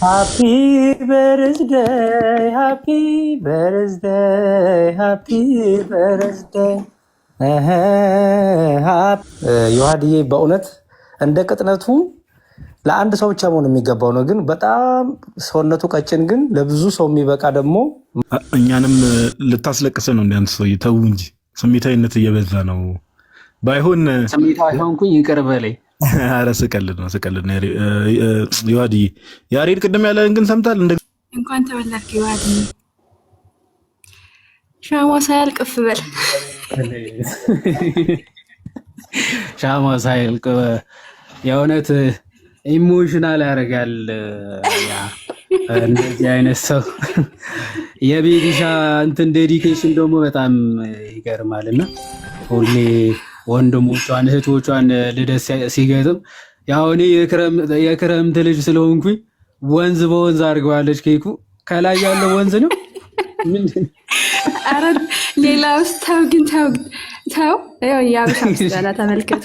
ሃፒ በርዝደይ ሃፒ በርዝደይ ሃፒ በርዝደይ ዮሐድዬ በእውነት እንደ ቅጥነቱ ለአንድ ሰው ብቻ መሆን የሚገባው ነው። ግን በጣም ሰውነቱ ቀጭን፣ ግን ለብዙ ሰው የሚበቃ ደግሞ እኛንም ልታስለቅሰ ነው። እንዲያን ሰው ተው እንጂ ስሜታዊነት እየበዛ ነው። ባይሆን ስሜታዊ ሆንኩኝ ይቅር በለኝ አረ ስቀልድ ነው ስቀልድ ነው። ዮሐድዬ ያሬድ ቅድም ያለህን ግን ሰምታል። እንደ እንኳን ተበላክ ዮሐድዬ። ሻማ ሳያልቅፍ በል ሻማ ሳያልቅ የእውነት ኢሞሽናል ያደርጋል። እንደዚህ አይነት ሰው የቤቢሻ እንትን ዴዲኬሽን ደግሞ በጣም ይገርማል እና ሁሌ ወንድሞቿን እህቶቿን ልደት ሲገጥም ያው እኔ የክረምት ልጅ ስለሆንኩ ወንዝ በወንዝ አድርገዋለች። ኬኩ ከላይ ያለው ወንዝ ነው። ኧረ ሌላ ውስጥ ተው ግን ተው ተው። የአበሻ ምስጋና ተመልከቱ።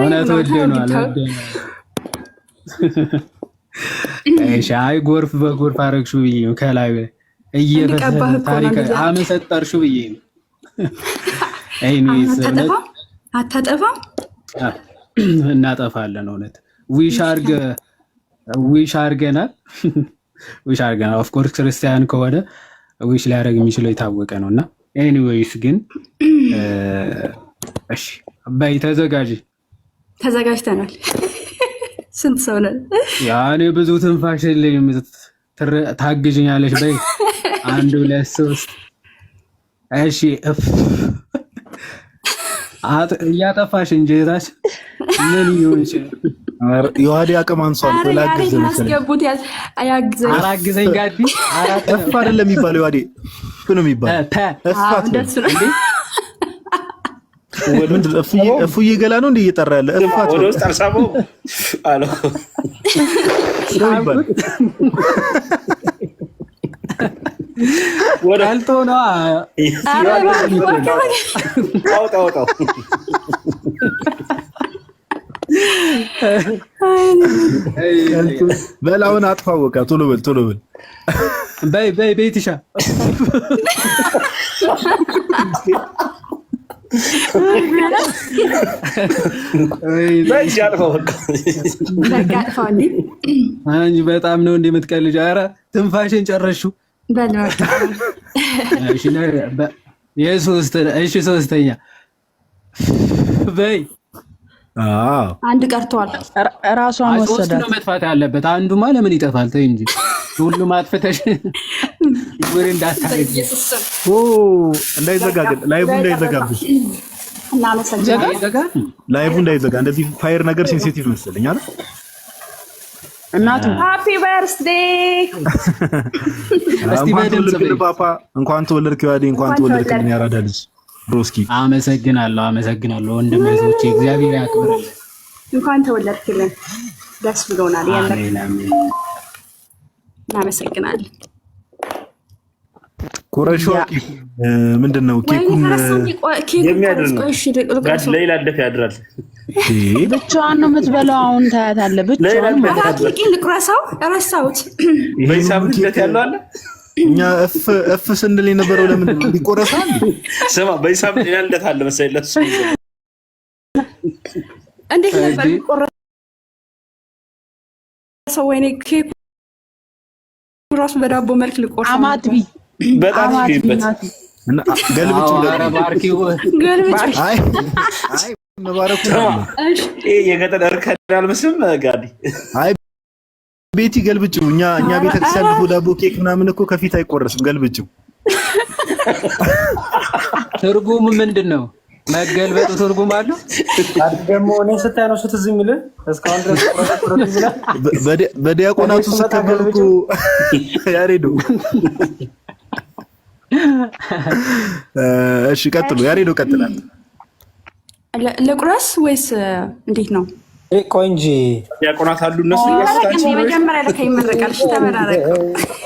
እውነት ወደነዋል። አይ ጎርፍ በጎርፍ አረግሹ ብዬ ነው ከላይ እየፈሰሰ ብዬ ነው። አታጠፋም? እናጠፋለን። እውነት ዊሽ አርገናል። ዊሽ አርገናል። ኦፍኮርስ ክርስቲያን ከሆነ ዊሽ ሊያደርግ የሚችለው የታወቀ ነው እና ኤኒዌይስ ግን እሺ በይ ተዘጋጅ። ተዘጋጅተናል። ስንት ሰው ነን? ያኔ ብዙ ትንፋሽ የለኝም። ታግዥኛለሽ በይ አንድ ሁለት ሶስት እሺ እፍ እያጠፋሽ እንጀታሽ ምን ይሁን ይችላል። የዋዲ አቅም አንሷል። ላግዘስገቡት አራግዘኝ ጋዲ እፍ አይደለም የሚባለው የዋዲ ነው የሚባለው እፉዬ ገላ ነው እንዲ እየጠራ ያለ እፋት ወደ ወዳልቶ ነው በላውን አጥፋወቃ ቶሎ በል ቶሎ በል በይ በይ በይ ትሻ በጣም ነው እንደምትቀልጅ። ኧረ ትንፋሽን ጨረሽው። ሶስተኛ በይ አንድ ቀርቷል። ራሷን ወሰዳት። ነው መጥፋት ያለበት። አንዱማ ለምን ይጠፋል? ተይ እንጂ ሁሉም አጥፍተሽ ይወሬ እንዳታረጊ። እንዳይዘጋ ግን ላይቡ እንዳይዘጋብሽ፣ ላይቡ እንዳይዘጋ። እንደዚህ ፋየር ነገር ሴንሲቲቭ መሰለኝ አይደል እናቱ ሃፒ በርዝዴይ እንኳን ተወለድክ፣ ዮሐዴ እንኳን ተወለድክ። ምን ያራዳ ልጅ ብሮስኪ። አመሰግናለሁ፣ አመሰግናለሁ ወንድም ዞች፣ እግዚአብሔር ያክብርልን። እንኳን ተወለድክልን፣ ደስ ብሎናል። ያለ እናመሰግናለን። ቁረሾ ምንድን ነው? ኬኩን ያድራል። ብቻዋን ነው የምትበላው። አሁን ታያታለህ። ብቻዋን ልቁረሰው ረሳሁት። በሂሳብነት ያለው አለ እኛ እፍ እፍ ስንል የነበረው ስማ በሂሳብ አለ መሰለኝ። እንዴት ነበር ሊቆረሰው? ወይኔ ኬኩ ራሱ በዳቦ መልክ ልቆርሰው አማትቢ በጣም ይሄበት ገልብጭ የገጠር እርከን ቤቲ ገልብጭው። እኛ እኛ ዳቦ ኬክ ምናምን እኮ ከፊት አይቆረስም። ገልብጭው። ትርጉሙ ምንድን ነው? መገልበጡ ትርጉም አለው። ደግሞ እኔ የሚል እስካሁን ድረስ በዲያቆናቱ ያሬዱ እሺ ቀጥሉ። ያሬ ነው ቀጥላል። ለቁረስ ወይስ እንዴት ነው? ቆንጂ ያቆናት አሉ እነሱ መጀመሪያ ላይ ይመረቃል።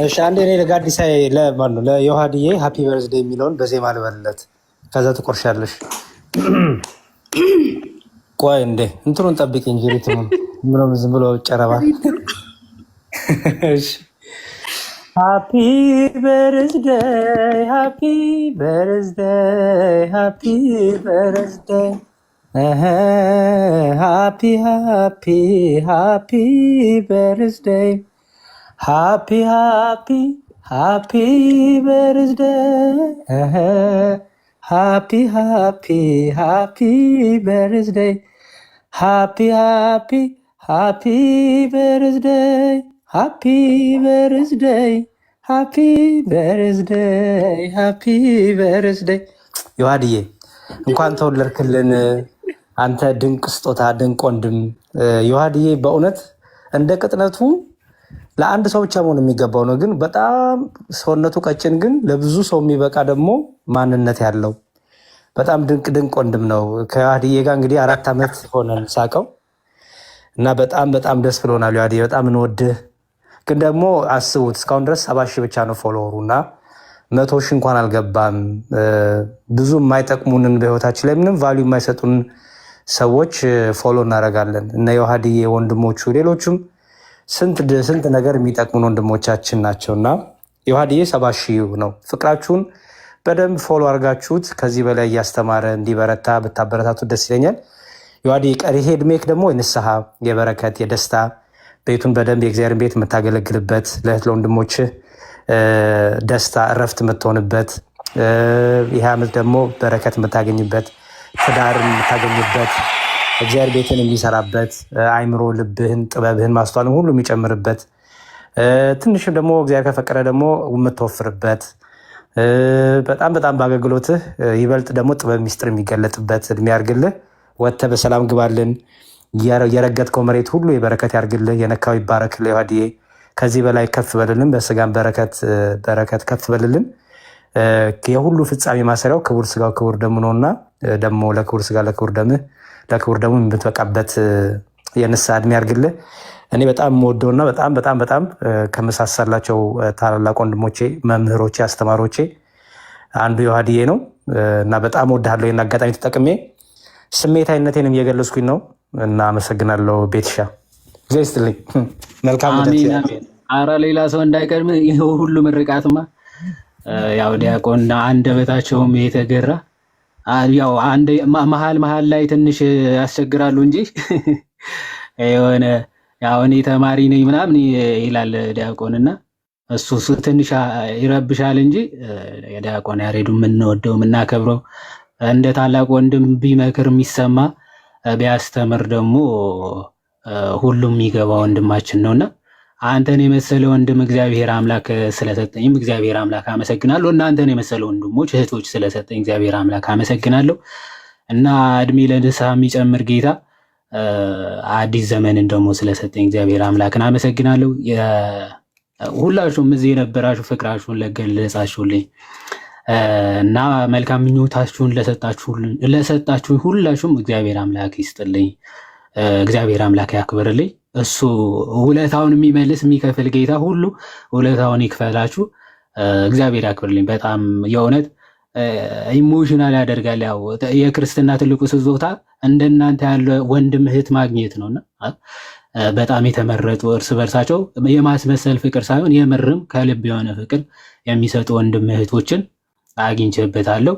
እሺ አንዴ እኔ ለጋዲሳ ለማነው ለዮሐድዬ ሀፒ በርዝዴ የሚለውን በዜማ ልበልለት፣ ከዛ ትቆርሻለሽ። ቆይ እንዴ እንትኑን ጠብቂ እንጂ ሪትሙን ዝም ብሎ ጨረባ። እሺ Happy birthday, happy birthday, happy birthday. Eh, happy, happy, happy birthday. Happy, happy, happy birthday. Eh, happy, happy, happy birthday. Happy, happy, happy birthday. ሃፒ በርዝደይ ሃፒ በርዝደይ ሃፒ በርዝደይ። ዮሐንዬ እንኳን ተወለድክልን አንተ ድንቅ ስጦታ፣ ድንቅ ወንድም ዮሐንዬ። በእውነት እንደ ቅጥነቱ ለአንድ ሰው ብቻ መሆን የሚገባው ነው። ግን በጣም ሰውነቱ ቀጭን፣ ግን ለብዙ ሰው የሚበቃ ደግሞ ማንነት ያለው በጣም ድንቅ ድንቅ ወንድም ነው። ከዮሐንዬ ጋር እንግዲህ አራት ዓመት ሆነን ሳቀው እና በጣም በጣም ደስ ብሎናል ዮሐንዬ፣ በጣም እንወድህ ግን ደግሞ አስቡት እስካሁን ድረስ ሰባ ሺህ ብቻ ነው ፎሎወሩ እና መቶ ሺህ እንኳን አልገባም። ብዙ የማይጠቅሙንን በህይወታችን ላይ ምንም ቫሊዩ የማይሰጡን ሰዎች ፎሎ እናደርጋለን። እነ የውሃድዬ ወንድሞቹ፣ ሌሎቹም ስንት ነገር የሚጠቅሙን ወንድሞቻችን ናቸው እና የውሃድዬ ሰባ ሺህ ነው። ፍቅራችሁን በደንብ ፎሎ አድርጋችሁት ከዚህ በላይ እያስተማረ እንዲበረታ ብታበረታቱ ደስ ይለኛል። የዋዲ ቀሪ ሄድሜክ ደግሞ የንስሐ የበረከት የደስታ ቤቱን በደንብ የእግዚአብሔር ቤት የምታገለግልበት ለእህት ለወንድሞች ደስታ እረፍት የምትሆንበት ይህ ዓመት ደግሞ በረከት የምታገኝበት ትዳር የምታገኝበት እግዚአብሔር ቤትን የሚሰራበት አይምሮ፣ ልብህን፣ ጥበብህን፣ ማስተዋልን ሁሉ የሚጨምርበት ትንሽም ደግሞ እግዚአብሔር ከፈቀደ ደግሞ የምትወፍርበት በጣም በጣም በአገልግሎትህ ይበልጥ ደግሞ ጥበብ ሚስጥር የሚገለጥበት እድሜ ያርግልህ። ወጥተህ በሰላም ግባልን። የረገጥከው መሬት ሁሉ የበረከት ያርግልህ፣ የነካው ይባረክልህ። ዮሐድዬ ከዚህ በላይ ከፍ በልልን፣ በስጋም በረከት ከፍ በልልን። የሁሉ ፍጻሜ ማሰሪያው ክቡር ስጋው ክቡር ደሙ ነውና ደግሞ ለክቡር ስጋ ለክቡር ደምህ ለክቡር ደሙ የምትበቃበት የንስሐ ዕድሜ ያርግልህ። እኔ በጣም የምወደውና በጣም በጣም በጣም ከመሳሰላቸው ታላላቅ ወንድሞቼ፣ መምህሮቼ፣ አስተማሪዎቼ አንዱ ዮሐድዬ ነው እና በጣም ወድሃለሁ። አጋጣሚ ተጠቅሜ ስሜታዊነቴንም እየገለጽኩኝ ነው። እና አመሰግናለሁ ቤትሻ ጊዜ ይስጥልኝ። መልካም አረ ሌላ ሰው እንዳይቀድም ይህ ሁሉ ምርቃትማ ያው ዲያቆን አንደበታቸውም የተገራ ያው መሀል መሀል ላይ ትንሽ ያስቸግራሉ እንጂ የሆነ ያው እኔ ተማሪ ነኝ ምናምን ይላል ዲያቆን እና እሱ እሱ ትንሽ ይረብሻል እንጂ ዲያቆን ያሬዱ የምንወደው የምናከብረው እንደ ታላቅ ወንድም ቢመክር የሚሰማ ቢያስተምር ደግሞ ሁሉም የሚገባ ወንድማችን ነውና አንተን የመሰለ ወንድም እግዚአብሔር አምላክ ስለሰጠኝም እግዚአብሔር አምላክ አመሰግናለሁ። እናንተን የመሰለ ወንድሞች እህቶች ስለሰጠኝ እግዚአብሔር አምላክ አመሰግናለሁ። እና እድሜ ለንስሐ የሚጨምር ጌታ አዲስ ዘመንን ደግሞ ስለሰጠኝ እግዚአብሔር አምላክን አመሰግናለሁ። ሁላችሁም እዚህ የነበራችሁ ፍቅራችሁን ለገለጻችሁልኝ እና መልካም ምኞታችሁን ለሰጣችሁ ሁላችሁም እግዚአብሔር አምላክ ይስጥልኝ፣ እግዚአብሔር አምላክ ያክብርልኝ። እሱ ውለታውን የሚመልስ የሚከፍል ጌታ ሁሉ ውለታውን ይክፈላችሁ፣ እግዚአብሔር ያክብርልኝ። በጣም የእውነት ኢሞሽናል ያደርጋል። ያው የክርስትና ትልቁ ስጦታ እንደናንተ ያለ ወንድም እህት ማግኘት ነውና በጣም የተመረጡ እርስ በርሳቸው የማስመሰል ፍቅር ሳይሆን የምርም ከልብ የሆነ ፍቅር የሚሰጡ ወንድም እህቶችን አግኝቼበታለሁ።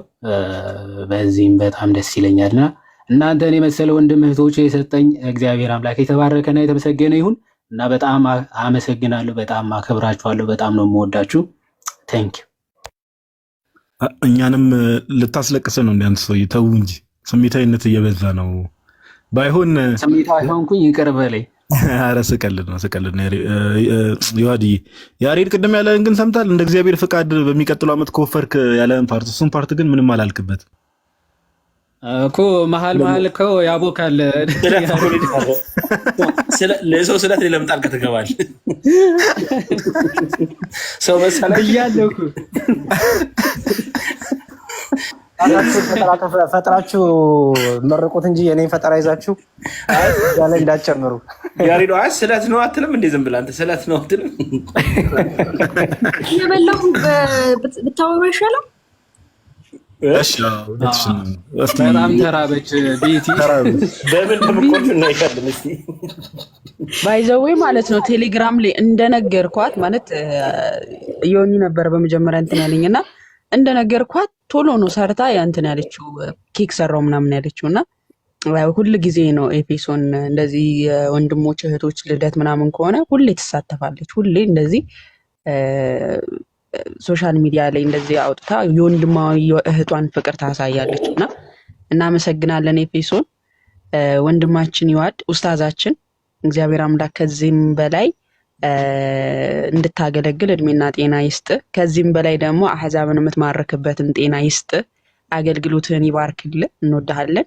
በዚህም በጣም ደስ ይለኛልና እናንተን የመሰለ ወንድም እህቶች የሰጠኝ እግዚአብሔር አምላክ የተባረከና የተመሰገነ ይሁን እና በጣም አመሰግናለሁ። በጣም አከብራችኋለሁ። በጣም ነው የምወዳችሁ። ታንክ ዩ። እኛንም ልታስለቅሰ ነው እንዲያንተ ሰውዬ፣ ተው እንጂ ስሜታዊነት እየበዛ ነው። ባይሆን ስሜታዊ ሆንኩኝ፣ ይቅር በለኝ አረ ስቀልድ ነው ስቀልድ ነው። ዮሐድ ያሬድ ቅድም ያለህን ግን ሰምታል። እንደ እግዚአብሔር ፍቃድ በሚቀጥለው ዓመት ከወፈርክ ያለህን ፓርት፣ እሱን ፓርት ግን ምንም አላልክበት እኮ መሀል መሀል እኮ ያቦካል። ለሰው ስለት ለምን ጣልቃ ትገባለህ? ሰው መሰለህ ብያለሁ እኮ ፈጥራችሁ መርቁት እንጂ የኔን ፈጠራ ይዛችሁ እዛ ላይ እንዳትጨምሩ። ያሬዶ አይ ስለት ነው አትልም እንዴ? ዝም ብላ አንተ ስለት ነው አትልም? እየበላሁ ብታወሩ ይሻላል። በጣም ተራበች ቤቲ። ባይዘዌ ማለት ነው ቴሌግራም ላይ እንደነገርኳት ማለት የሆኒ ነበር በመጀመሪያ እንትን ያለኝ እና እንደነገርኳት ቶሎ ነው ሰርታ ያንትን ያለችው ኬክ ሰራው ምናምን ያለችው እና ሁል ጊዜ ነው ኤፌሶን እንደዚህ ወንድሞች እህቶች ልደት ምናምን ከሆነ ሁሌ ትሳተፋለች። ሁሌ እንደዚህ ሶሻል ሚዲያ ላይ እንደዚህ አውጥታ የወንድማዊ እህቷን ፍቅር ታሳያለች እና እናመሰግናለን ኤፌሶን ወንድማችን ይዋድ ኡስታዛችን እግዚአብሔር አምላክ ከዚህም በላይ እንድታገለግል እድሜና ጤና ይስጥ። ከዚህም በላይ ደግሞ አህዛብን የምትማርክበትን ጤና ይስጥ። አገልግሎትህን ይባርክል። እንወድሃለን።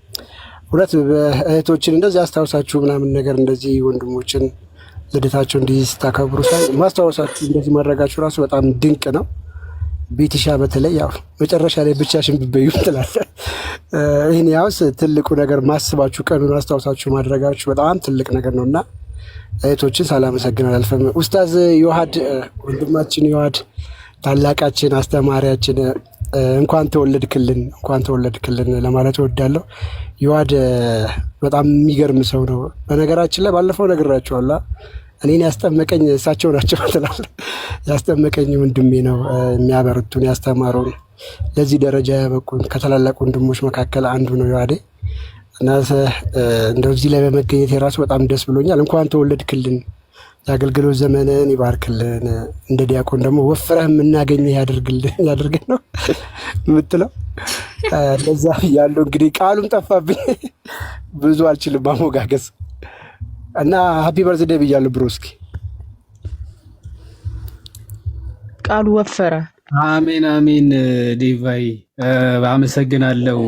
ሁለት እህቶችን እንደዚህ አስታውሳችሁ ምናምን ነገር እንደዚህ ወንድሞችን ልደታቸው እንዲህ ስታከብሩ ሳይ ማስታወሳችሁ እንደዚህ ማድረጋችሁ ራሱ በጣም ድንቅ ነው። ቤትሻ በተለይ ያው መጨረሻ ላይ ብቻሽን ብበዩ ትላለ። ይህን ያውስ ትልቁ ነገር ማስባችሁ ቀኑን አስታውሳችሁ ማድረጋችሁ በጣም ትልቅ ነገር ነው እና እህቶችን ሳላመሰግን አላልፈም። ኡስታዝ ዮሐድ ወንድማችን ዮሐድ ታላቃችን አስተማሪያችን እንኳን ተወለድክልን እንኳን ተወለድክልን ለማለት እወዳለሁ። የዋድ በጣም የሚገርም ሰው ነው። በነገራችን ላይ ባለፈው ነግራችኋላ እኔን ያስጠመቀኝ እሳቸው ናቸው ትላል። ያስጠመቀኝ ወንድሜ ነው። የሚያበርቱን ያስተማሩን ለዚህ ደረጃ ያበቁን ከታላላቅ ወንድሞች መካከል አንዱ ነው ይዋዴ እና እንደዚህ ላይ በመገኘት የራሱ በጣም ደስ ብሎኛል። እንኳን ተወለድክልን፣ የአገልግሎት ዘመንን ይባርክልን፣ እንደ ዲያቆን ደግሞ ወፍረህ የምናገኘ ያደርግልን ያደርገን ነው የምትለው እንደዛ ያለው እንግዲህ ቃሉም ጠፋብኝ፣ ብዙ አልችልም ማሞጋገዝ እና ሀፒ በርዝዴ ብያለሁ። ብሮስኪ ቃሉ ወፈረ። አሜን አሜን። ዴቫይ አመሰግናለሁ።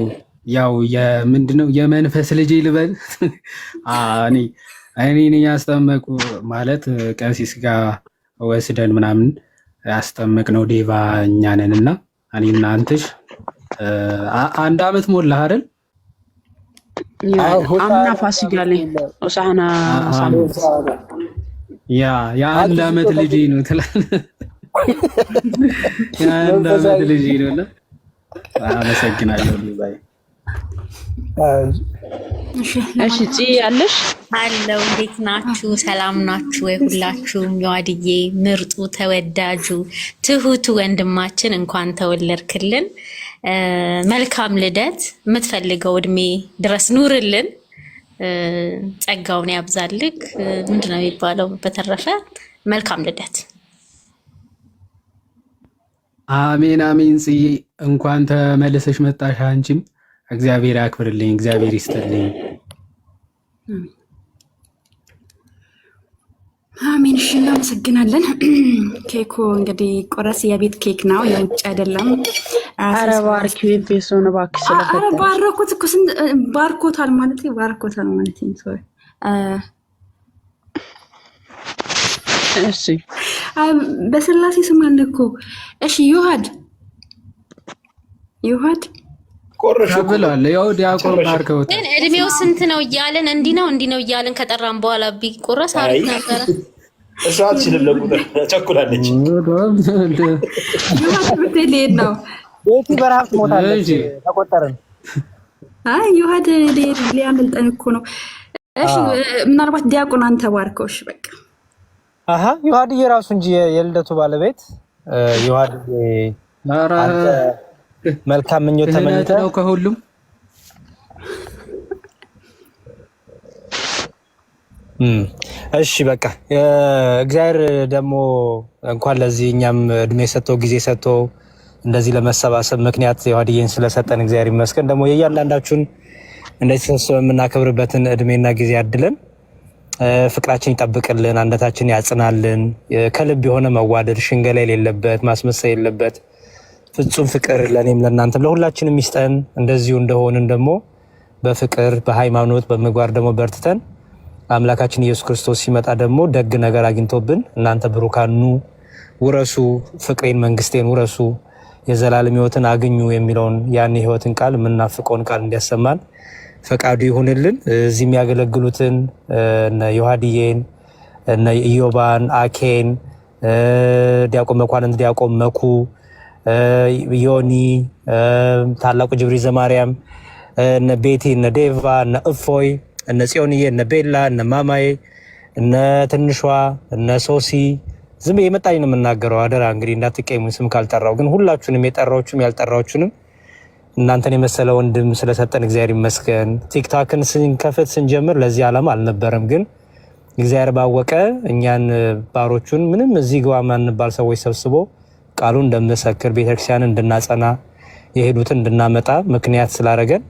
ያው የምንድን የመንፈስ ልጅ ልበል እኔ እኔን ያስጠመቁ ማለት ቀሲስ ጋር ወስደን ምናምን ያስጠመቅ ነው ዴቫ እኛንን እና እኔ እናንትሽ አንድ አመት ሞላ አይደል? አምና ፋሲካ ላይ ሆሳዕና ያ የአንድ አመት ልጅ ነው ትላለህ። የአንድ አመት ልጅ ነው። አመሰግናለሁ። እሺ ጽ አለሽ አለው። እንዴት ናችሁ? ሰላም ናችሁ ወይ? ሁላችሁም የዋድዬ ምርጡ ተወዳጁ ትሁቱ ወንድማችን እንኳን ተወለድክልን። መልካም ልደት፣ የምትፈልገው እድሜ ድረስ ኑርልን፣ ጸጋውን ያብዛልክ። ምንድን ነው የሚባለው? በተረፈ መልካም ልደት። አሜን አሜን። ጽዬ እንኳን ተመልሰሽ መጣሽ። አንቺም እግዚአብሔር ያክብርልኝ፣ እግዚአብሔር ይስጥልኝ። አሜን። እሺ እናመሰግናለን። ኬኩ እንግዲህ ቆረስ የቤት ኬክ ነው፣ የውጭ አይደለም። ባረኩት እኮ ባርኮታል ማለት ባርኮታል ማለት እሺ፣ በስላሴ ስም አለ እኮ። እሺ ዮሐድ ዮሐድ ብሏል። ያው ዲያቆን ባርከውት እድሜው ስንት ነው እያለን እንዲህ ነው እንዲህ ነው እያለን ከጠራን በኋላ ቢቆረስ አሪፍ ነበረ። እሷ አትችልም፣ ለቁጥር ነው። ቤቲ በረሃብ ትሞታለች። ተቆጠርን። አይ ዮሐድ ሊያመልጠን እኮ ነው። እሺ ምናልባት ዲያቆን አንተ ባርከው። እሺ በቃ አሀ ዮሐድ የራሱ እንጂ የልደቱ ባለቤት ዮሐድ መልካም ምኞት ነው ከሁሉም እሺ በቃ እግዚአብሔር ደግሞ እንኳን ለዚህ እኛም እድሜ ሰጥቶ ጊዜ ሰጥቶ እንደዚህ ለመሰባሰብ ምክንያት የዋድዬን ስለሰጠን እግዚአብሔር ይመስገን። ደግሞ የእያንዳንዳችሁን እንደዚህ ተሰብስበ የምናከብርበትን እድሜና ጊዜ ያድለን፣ ፍቅራችን ይጠብቅልን፣ አንድነታችን ያጽናልን። ከልብ የሆነ መዋደድ፣ ሽንገላ የሌለበት ማስመሰል የሌለበት ፍጹም ፍቅር ለእኔም ለእናንተም ለሁላችንም ይስጠን። እንደዚሁ እንደሆንን ደግሞ በፍቅር በሃይማኖት በምግባር ደግሞ በርትተን አምላካችን ኢየሱስ ክርስቶስ ሲመጣ ደግሞ ደግ ነገር አግኝቶብን እናንተ ብሩካኑ ውረሱ ፍቅሬን መንግስቴን ውረሱ የዘላለም ህይወትን አግኙ የሚለውን ያን ህይወትን ቃል የምናፍቀውን ቃል እንዲያሰማን ፈቃዱ ይሁንልን። እዚህ የሚያገለግሉትን እነ ዮሐድዬን እነ ኢዮባን አኬን፣ ዲያቆን መኳንንት፣ ዲያቆን መኩ፣ ዮኒ፣ ታላቁ ጅብሪ ዘማርያም፣ እነ ቤቲ፣ እነ ዴቫ፣ እነ እፎይ እነ ጽዮንዬ፣ እነ ቤላ፣ እነ ማማዬ፣ እነ ትንሿ፣ እነ ሶሲ ዝም የመጣኝ ነው የምናገረው። አደራ እንግዲህ እንዳትቀይሙ ስም ካልጠራው ግን ሁላችሁንም የጠራዎቹም ያልጠራዎቹንም እናንተን የመሰለ ወንድም ስለሰጠን እግዚአብሔር ይመስገን። ቲክታክን ስንከፍት ስንጀምር ለዚህ ዓላማ አልነበረም፣ ግን እግዚአብሔር ባወቀ እኛን ባሮቹን ምንም እዚህ ግባ ማንባል ሰዎች ሰብስቦ ቃሉን እንደምንሰክር ቤተክርስቲያን እንድናጸና የሄዱትን እንድናመጣ ምክንያት ስላደረገን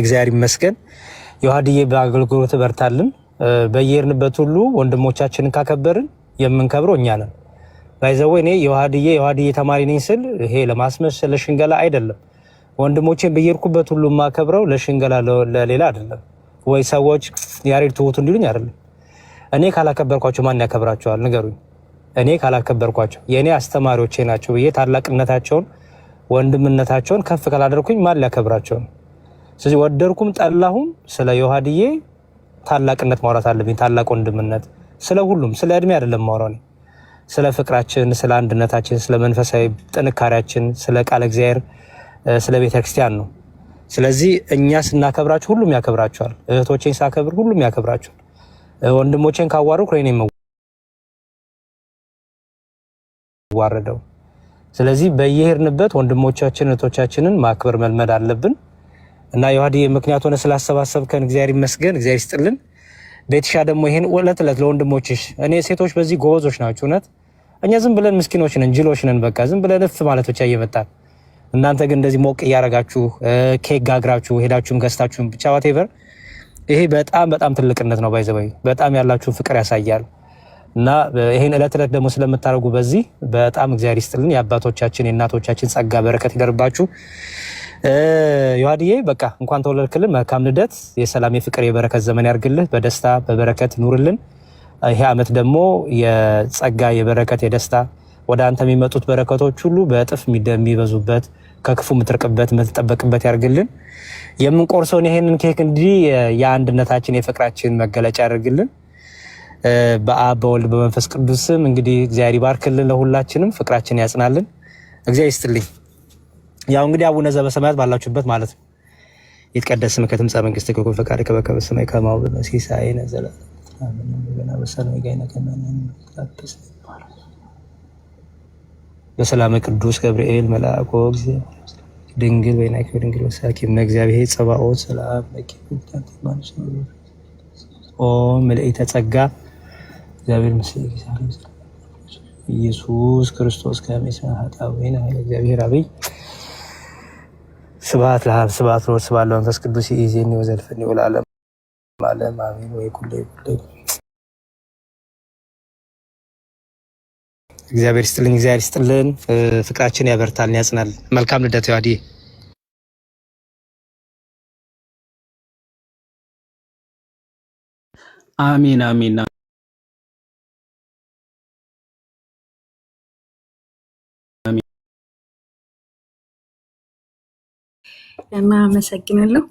እግዚአብሔር ይመስገን። የዋህድዬ በአገልግሎት በርታልን። በየርንበት ሁሉ ወንድሞቻችንን ካከበርን የምንከብረው እኛ ነን። ባይዘው እኔ የዋህድዬ የዋህድዬ ተማሪ ነኝ ስል ይሄ ለማስመሰል ለሽንገላ አይደለም። ወንድሞቼን በየርኩበት ሁሉ የማከብረው ለሽንገላ ለሌላ አይደለም። ወይ ሰዎች ያሬድ ትሁት እንዲሉኝ አይደለም። እኔ ካላከበርኳቸው ማን ያከብራቸዋል? ንገሩኝ። እኔ ካላከበርኳቸው የእኔ አስተማሪዎቼ ናቸው ብዬ ታላቅነታቸውን ወንድምነታቸውን ከፍ ካላደርኩኝ ማን ሊያከብራቸው ነው? ስለዚህ ወደድኩም ጠላሁም ስለ ዮሐድዬ ታላቅነት ማውራት አለብኝ። ታላቅ ወንድምነት፣ ስለ ሁሉም ስለ እድሜ አይደለም ማውራው ስለ ፍቅራችን፣ ስለ አንድነታችን፣ ስለ መንፈሳዊ ጥንካሬያችን፣ ስለ ቃለ እግዚአብሔር፣ ስለ ቤተክርስቲያን ነው። ስለዚህ እኛ ስናከብራችሁ ሁሉም ያከብራችኋል። እህቶቼን ሳከብር ሁሉም ያከብራችኋል። ወንድሞቼን ካዋረድኩ እኔ የምዋረደው። ስለዚህ በየሄድንበት ወንድሞቻችን እህቶቻችንን ማክበር መልመድ አለብን። እና የዋህድዬ ምክንያት ሆነ ስላሰባሰብከን እግዚአብሔር ይመስገን፣ እግዚአብሔር ይስጥልን። ቤትሻ ደግሞ ይሄን ዕለት ዕለት ለወንድሞችሽ እኔ ሴቶች በዚህ ጎበዞች ናቸው እውነት። እኛ ዝም ብለን ምስኪኖች ነን፣ ጅሎች ነን። በቃ ዝም ብለን እፍ ማለት ብቻ እየመጣን እናንተ ግን እንደዚህ ሞቅ እያረጋችሁ ኬክ ጋግራችሁ ሄዳችሁም ገዝታችሁም ብቻ ዋቴቨር ይሄ በጣም በጣም ትልቅነት ነው። ባይዘበይ በጣም ያላችሁን ፍቅር ያሳያል። እና ይህን ዕለት ዕለት ደግሞ ስለምታደርጉ በዚህ በጣም እግዚአብሔር ይስጥልን። የአባቶቻችን የእናቶቻችን ጸጋ በረከት ይደርባችሁ። ዮሐድዬ በቃ እንኳን ተወለድክልን። መልካም ልደት፣ የሰላም የፍቅር የበረከት ዘመን ያርግልህ። በደስታ በበረከት ይኑርልን። ይሄ ዓመት ደግሞ የጸጋ የበረከት የደስታ ወደ አንተ የሚመጡት በረከቶች ሁሉ በእጥፍ የሚበዙበት ከክፉ የምትርቅበት የምትጠበቅበት ያርግልን። የምንቆርሰውን ይሄንን ኬክ እንዲህ የአንድነታችን የፍቅራችን መገለጫ ያደርግልን። በአብ በወልድ በመንፈስ ቅዱስ ስም እንግዲህ እግዚአብሔር ይባርክልን። ለሁላችንም ፍቅራችን ያጽናልን። እግዚአብሔር ይስጥልኝ። ያው እንግዲህ አቡነ ዘበሰማያት ባላችሁበት ማለት ነው። የተቀደስ ስምከ ትምጻእ መንግስትከ ወኩን ፈቃድከ በከመ በሰማይ ከማሁ በሲሳይነ በሰላም ቅዱስ ገብርኤል መልአኮ ድንግል በይናኪ ድንግል ወሳኪ እግዚአብሔር ጸባኦት ሰላም ኦ ምልእተ ጸጋ እግዚአብሔር ምስል ኢየሱስ ክርስቶስ ከመ ይስሐቅ አቡነ እግዚአብሔር አብይ ስብሐት ለአብ ስብሐት ለወልድ ስብሐት ለመንፈስ ቅዱስ ይእዜኒ ወዘልፈኒ ወለዓለመ ዓለም አሜን። ወይ ኩሌ ኩሌ እግዚአብሔር ይስጥልን፣ እግዚአብሔር ይስጥልን። ፍቅራችን ያበርታልን፣ ያጽናል። መልካም ልደት ያዲ አሜን፣ አሜን። እና አመሰግናለሁ።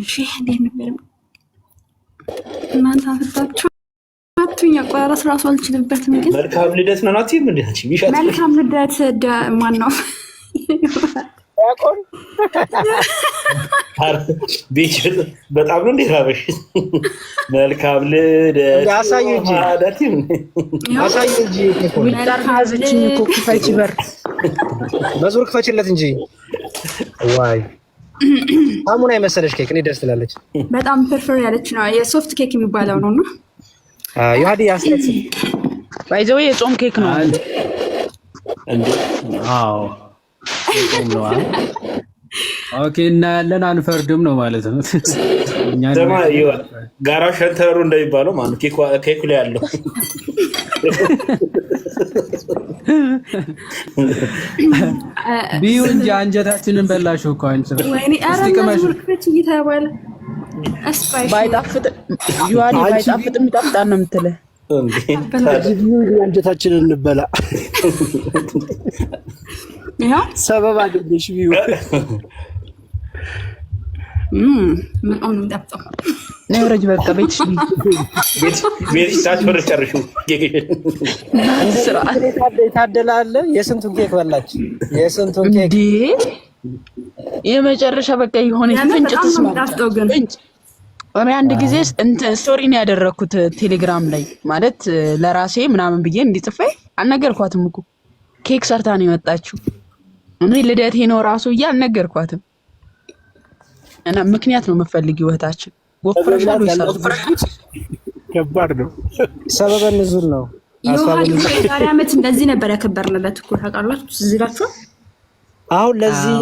እሺ እንዴት ነበር እናንተ አፍታችሁ ሁለቱኛ አቆራረጥ ራሱ አልችልበትም፣ ግን መልካም ልደት ነው ናት። መልካም ልደት ማን ነው? ያቆን በጣም ነው መልካም ልደት እንጂ እንጂ ክፈች በር ክፈችለት እንጂ ዋይ አሙና የመሰለች ኬክ እኔ ደስ ትላለች። በጣም ያለች ነው የሶፍት ኬክ የሚባለው ነው እና ባይዘው የጾም ኬክ ነው። አዎ ኦኬ እናያለን፣ አንፈርድም ነው ማለት ነው። ጋራው ሸንተረሩ እንደሚባለው ማለት ኬኩ ላይ ያለው ቢዩ እንጂ አንጀታችንን በላሽ እኮ ባይጣፍጥ የሚጣፍጣ ነው የምትለው አንጀታችንን እንበላ ሰበብ አገኘሽ ቢሆን ምንም ጠብጠው ነው ረጅ በቃ ቤት ቤት የስንቱን ኬክ በላች? የስንቱን ኬክ የመጨረሻ በቃ የሆነ ፍንጭ ትስማጣው አንድ ጊዜ ስቶሪን ያደረኩት ቴሌግራም ላይ ማለት ለራሴ ምናምን ብዬ እንዲጽፈ አልነገርኳትም እኮ ኬክ ሰርታ ነው የመጣችው። እኔ ልደቴ ነው ራሱ ብዬ አልነገርኳትም። እና ምክንያት ነው የምፈልግ ህይወታችን ወፍረሻል ወይ ከባድ ነው። ሰበበ ንዙል ነው። የዛሬ ዓመት እንደዚህ ነበር ያከበርንለት እኮ ታውቃላችሁ፣ አሁን ለዚህ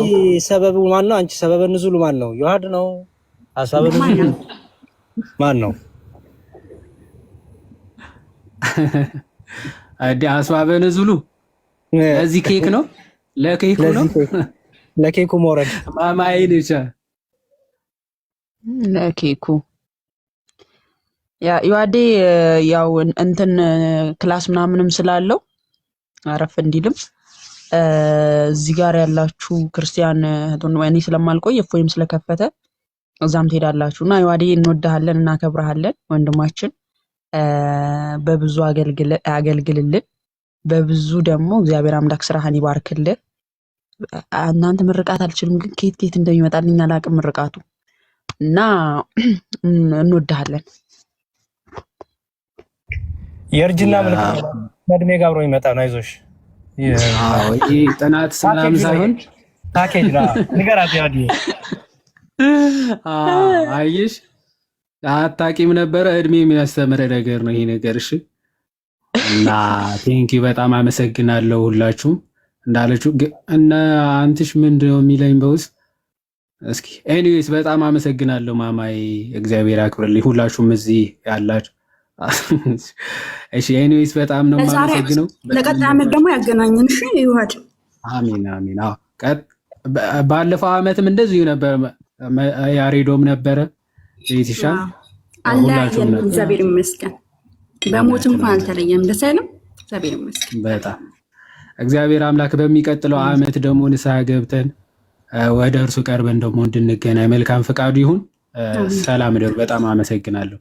ሰበቡ ማን ነው? አንቺ ሰበበ ማን ነው? ዮሐድ ነው? አሳበ ማን ነው? አዲ አስባበ ንዙሉ ኬክ ነው ለኬኩ ነው ለኬኩ ሞረድ ለኬኩ ያ ዩአዴ ያው እንትን ክላስ ምናምንም ስላለው አረፍ እንዲልም እዚህ ጋር ያላችሁ ክርስቲያን እኔ ስለማልቆይ እፎይም ስለከፈተ እዛም ትሄዳላችሁ እና ዩአዴ እና እናከብረሃለን ወንድማችን በብዙ አገልግልልን በብዙ ደግሞ እግዚአብሔር አምላክ ስራህን ይባርክልህ። እናንተ ምርቃት አልችልም፣ ግን ከየት ከየት እንደሚመጣልኝ አላቅም ምርቃቱ እና እንወድሃለን። የእርጅና ምልክት ከእድሜ ጋብሮ ይመጣ ነው። አይዞሽ ጥናት ሰላም ሳይሆን ፓኬጅ ንገራት። ያ አየሽ አታቂም ነበረ። እድሜ የሚያስተምረ ነገር ነው ይሄ ነገር። እሺ እና ቴንኪው በጣም አመሰግናለሁ ሁላችሁም። እንዳለችው እነ አንትሽ ምንድነው የሚለኝ በውስጥ እስኪ ኤኒዌይስ በጣም አመሰግናለሁ ማማይ፣ እግዚአብሔር አክብርልኝ። ሁላችሁም እዚህ ያላችሁ እሺ። ኤኒዌይስ በጣም ነው የማመሰግነው። ለቀጣይ ዓመት ደግሞ ያገናኘን። እሺ ይሁሃት። አሜን አሜን። አዎ ባለፈው ዓመትም እንደዚሁ ነበር፣ ያሬዶም ነበረ። ቤትሻ ሁላችሁም እግዚአብሔር ይመስገን። በሞት እንኳን አልተለየም። ደስ አይልም። እግዚአብሔር ይመስገን በጣም እግዚአብሔር አምላክ በሚቀጥለው ዓመት ደግሞ ንስሐ ገብተን ወደ እርሱ ቀርበን ደግሞ እንድንገናኝ መልካም ፈቃዱ ይሁን። ሰላም ደሩ። በጣም አመሰግናለሁ።